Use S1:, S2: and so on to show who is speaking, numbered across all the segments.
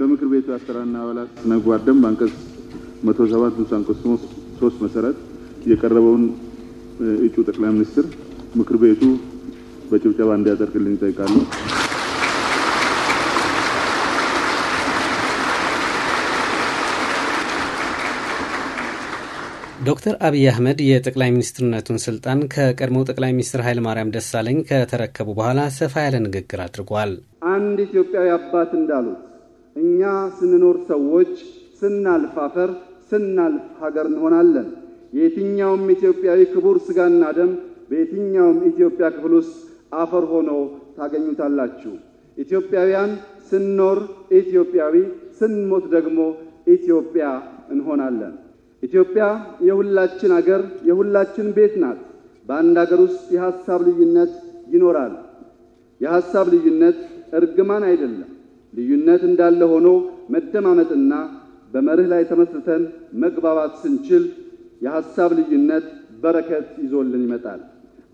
S1: በምክር ቤቱ የአሰራርና አባላት ስነ ምግባር ደንብ አንቀጽ ንዑስ አንቀጽ መሰረት የቀረበውን እጩ ጠቅላይ ሚኒስትር ምክር ቤቱ በጭብጨባ እንዲያደርግልኝ ይጠይቃሉ።
S2: ዶክተር አብይ አህመድ የጠቅላይ ሚኒስትርነቱን ስልጣን ከቀድሞው ጠቅላይ ሚኒስትር ኃይለማርያም ደሳለኝ ከተረከቡ በኋላ ሰፋ ያለ ንግግር አድርጓል።
S1: አንድ ኢትዮጵያዊ አባት እንዳሉት እኛ ስንኖር ሰዎች፣ ስናልፍ አፈር፣ ስናልፍ ሀገር እንሆናለን። የየትኛውም ኢትዮጵያዊ ክቡር ስጋና ደም በየትኛውም ኢትዮጵያ ክፍል ውስጥ አፈር ሆኖ ታገኙታላችሁ። ኢትዮጵያውያን ስንኖር ኢትዮጵያዊ፣ ስንሞት ደግሞ ኢትዮጵያ እንሆናለን። ኢትዮጵያ የሁላችን አገር የሁላችን ቤት ናት። በአንድ አገር ውስጥ የሀሳብ ልዩነት ይኖራል። የሀሳብ ልዩነት እርግማን አይደለም። ልዩነት እንዳለ ሆኖ መደማመጥና በመርህ ላይ ተመስርተን መግባባት ስንችል የሀሳብ ልዩነት በረከት ይዞልን ይመጣል።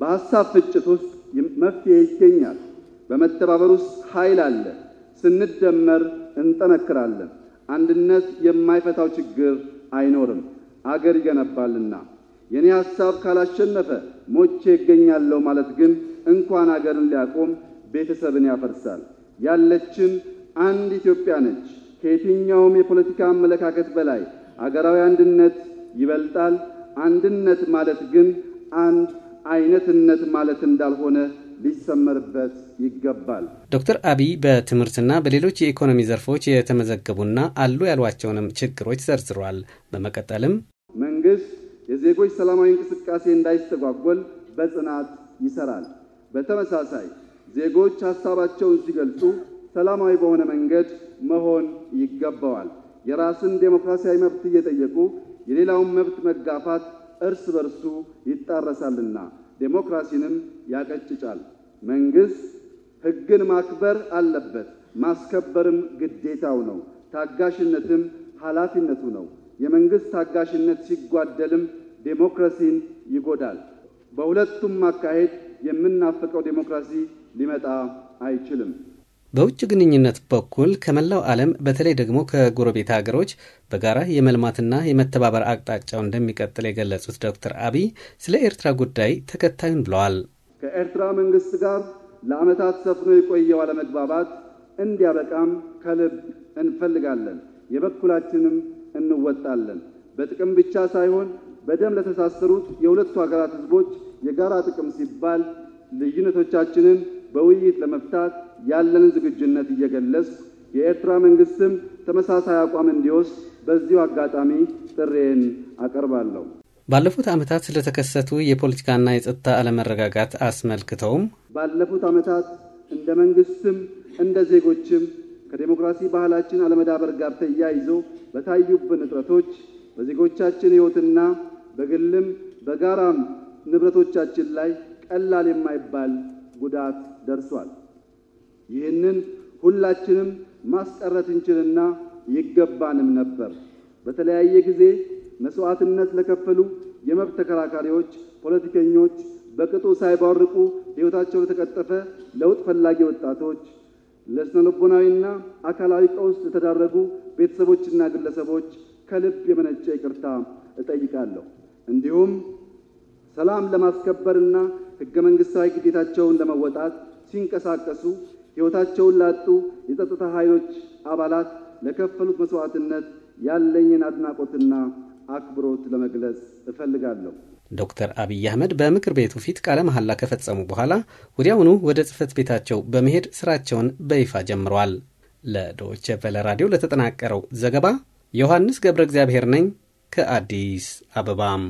S1: በሀሳብ ፍጭት ውስጥ መፍትሄ ይገኛል። በመተባበር ውስጥ ኃይል አለ። ስንደመር እንጠነክራለን። አንድነት የማይፈታው ችግር አይኖርም፣ አገር ይገነባልና። የኔ ሀሳብ ካላሸነፈ ሞቼ ይገኛለሁ ማለት ግን እንኳን አገርን ሊያቆም ቤተሰብን ያፈርሳል። ያለችን አንድ ኢትዮጵያ ነች። ከየትኛውም የፖለቲካ አመለካከት በላይ አገራዊ አንድነት ይበልጣል። አንድነት ማለት ግን አንድ አይነትነት ማለት እንዳልሆነ ሊሰመርበት ይገባል።
S2: ዶክተር አብይ በትምህርትና በሌሎች የኢኮኖሚ ዘርፎች የተመዘገቡና አሉ ያሏቸውንም ችግሮች ዘርዝሯል። በመቀጠልም
S1: መንግስት የዜጎች ሰላማዊ እንቅስቃሴ እንዳይስተጓጎል በጽናት ይሰራል። በተመሳሳይ ዜጎች ሀሳባቸውን ሲገልጹ ሰላማዊ በሆነ መንገድ መሆን ይገባዋል። የራስን ዴሞክራሲያዊ መብት እየጠየቁ የሌላውን መብት መጋፋት እርስ በርሱ ይጣረሳልና ዴሞክራሲንም ያቀጭጫል። መንግስት ህግን ማክበር አለበት፣ ማስከበርም ግዴታው ነው። ታጋሽነትም ኃላፊነቱ ነው። የመንግስት ታጋሽነት ሲጓደልም ዴሞክራሲን ይጎዳል። በሁለቱም አካሄድ የምናፍቀው ዴሞክራሲ ሊመጣ አይችልም።
S2: በውጭ ግንኙነት በኩል ከመላው ዓለም በተለይ ደግሞ ከጎረቤት ሀገሮች በጋራ የመልማትና የመተባበር አቅጣጫው እንደሚቀጥል የገለጹት ዶክተር አብይ ስለ ኤርትራ ጉዳይ ተከታዩን ብለዋል።
S1: ከኤርትራ መንግስት ጋር ለዓመታት ሰፍኖ የቆየው አለመግባባት እንዲያበቃም ከልብ እንፈልጋለን። የበኩላችንም እንወጣለን። በጥቅም ብቻ ሳይሆን በደም ለተሳሰሩት የሁለቱ ሀገራት ህዝቦች የጋራ ጥቅም ሲባል ልዩነቶቻችንን በውይይት ለመፍታት ያለንን ዝግጁነት እየገለጽ የኤርትራ መንግስትም ተመሳሳይ አቋም እንዲወስድ በዚሁ አጋጣሚ ጥሬን አቀርባለሁ።
S2: ባለፉት ዓመታት ስለተከሰቱ የፖለቲካና የጸጥታ አለመረጋጋት አስመልክተውም
S1: ባለፉት ዓመታት እንደ መንግስትም እንደ ዜጎችም ከዴሞክራሲ ባህላችን አለመዳበር ጋር ተያይዞ በታዩብን እጥረቶች በዜጎቻችን ሕይወትና በግልም በጋራም ንብረቶቻችን ላይ ቀላል የማይባል ጉዳት ደርሷል። ይህንን ሁላችንም ማስቀረት እንችልና ይገባንም ነበር። በተለያየ ጊዜ መስዋዕትነት ለከፈሉ የመብት ተከራካሪዎች፣ ፖለቲከኞች በቅጡ ሳይባርቁ ሕይወታቸው ለተቀጠፈ ለውጥ ፈላጊ ወጣቶች፣ ለስነልቦናዊና አካላዊ ቀውስ ለተዳረጉ ቤተሰቦችና ግለሰቦች ከልብ የመነጨ ይቅርታ እጠይቃለሁ። እንዲሁም ሰላም ለማስከበርና ህገ መንግስታዊ ግዴታቸውን ለመወጣት ሲንቀሳቀሱ ሕይወታቸውን ላጡ የጸጥታ ኃይሎች አባላት ለከፈሉት መስዋዕትነት ያለኝን አድናቆትና አክብሮት ለመግለጽ
S2: እፈልጋለሁ። ዶክተር አብይ አህመድ በምክር ቤቱ ፊት ቃለ መሐላ ከፈጸሙ በኋላ ወዲያውኑ ወደ ጽህፈት ቤታቸው በመሄድ ስራቸውን በይፋ ጀምረዋል። ለዶች ቨለ ራዲዮ ለተጠናቀረው ዘገባ ዮሐንስ ገብረ እግዚአብሔር ነኝ ከአዲስ አበባም